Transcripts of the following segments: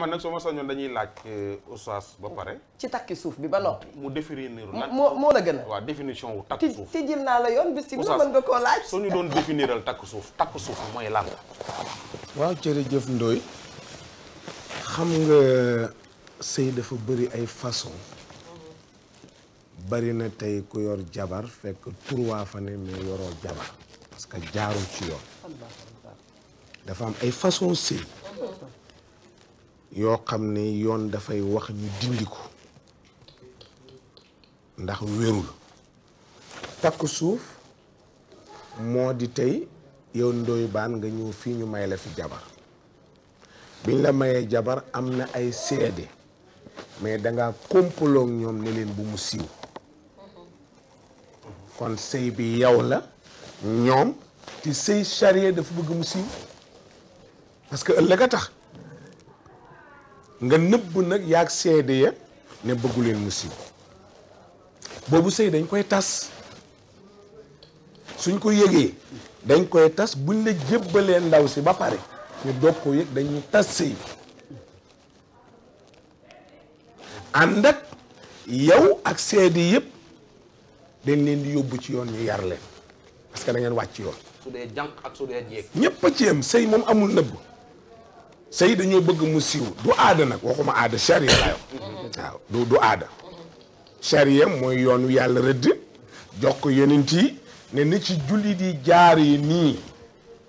man nag soo ma sañoon dañuy laaj euh, oustaz ba pare. ci takki suuf bi ba noppi. mu définir lan moo moo la gën a. waaw définition wu takk naa la yoon bis si mën nga koo laaj. soo doon définiral takk suuf takk suuf mooy lan. waaw jërëjëf Ndoye xam nga sëy dafa bëri ay façon bari na tey ku yor jabar fekk trois fa ne mais yoroo jabar parce que jaarul ci yoon dafa am ay façon sëy yoo xam ne yoon dafay wax ñu dindi ko ndax wérul takk suuf moo di tey yow Ndoye baan nga ñëw fii ñu may la fi jabar biñ la mayee jabar am na ay seede mais danga kompaloo ñoom ne leen bu mu siiw kon sëy bi yow la ñoom ci sëy charia dafa bëgg mu siiw parce que ëllëg a tax nga nëbb nag yaag seede ya ne bëgguleen leen mu siiw boobu sëy dañ koy tas suñ ko yëgee dañ koy tas buñ la jébbalee ndaw si ba pare ñu doog ko yëg dañuy tas sëy ànd ak yow ak seede yëpp dañ leen di yóbbu ci yoon ñu yar leen parce que wàcc yoon. su dee jànq ak su dee jéeg. ñëpp a ci yem sëy moom amul nëbb. sëy dañoo bëgg mu siw du aada nag waxuma aada charia laa wax du du aada charia mooy yoonu yàlla rëdd jox ko yonent yi ne ni ci jullit di jaar yi nii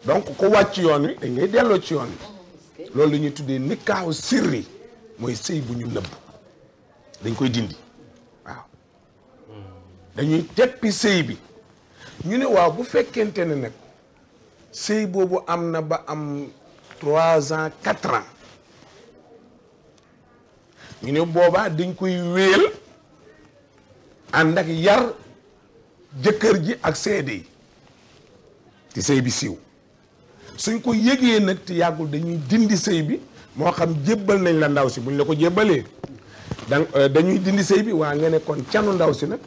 donc ku wàcc yoon wi dañ ngay delloo ci yoon wi loolu la ñuy tuddee nikaaw sirri mooy sëy bu ñu nëbb dañ koy dindi dañuy teppi sëy bi ñu ne waaw bu fekkente ne nag sëy boobu am na ba am trois ans quatre ans ñu ne boobaa dañ koy wéel ànd ak yar jëkkër ji ak seede yi sëy bi siiw suñ ko yëgee nag te yàggul dañuy dindi sëy bi moo xam jébbal nañ la ndaw si buñ la ko jébbalee da euh, dañuy dindi sëy bi waa nga ne kon canu ndaw si nag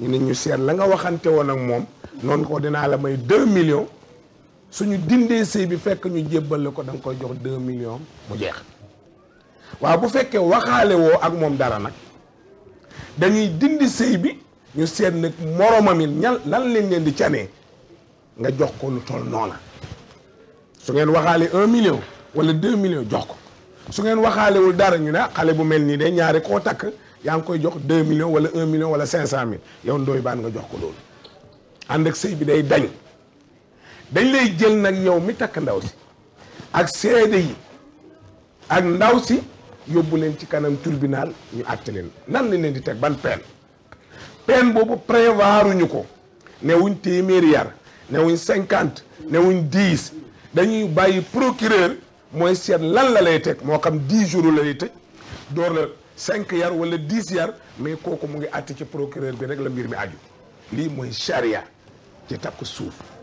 ñu ne ñu seet la nga waxante woon ak moom noon ko dinaa la may deux millions suñu dindee sëy bi fekk ñu jébbale ko da nga koy jox deux millions mu jeex waaw bu fekkee waxaale woo ak moom dara nag dañuy dindi sëy bi ñu seet nag moromam it ñan lan leen leen di canee nga jox ko lu toll noona su ngeen waxaale un million wala deux millions jox ko su ngeen waxaalewul dara ñu ne ah, xale bu mel nii de ñaari koo takk yaa ngi koy jox deux millions wala un million wala cinq cent mille yow ndooy baan nga jox ko loolu ànd ak sëy bi day dañ dañ lay jël nag yow mi takk ndaw si ak seede yi ak ndaw si yóbbu leen ci kanam tribunal ñu àtte leen nan la leen di teg ban peine peine boobu prévoir ñu ko newuñ wuñ téeméeri yar newuñ wuñ cinquante ne wuñ dañuy bàyyi procureur mooy seet lan la lay teg moo xam dix jours la lay tëj door la cinq yar wala dix yar mais kooku mu ngi àtte ci procureur bi rek la mbir mi aju lii mooy charia ci takk suuf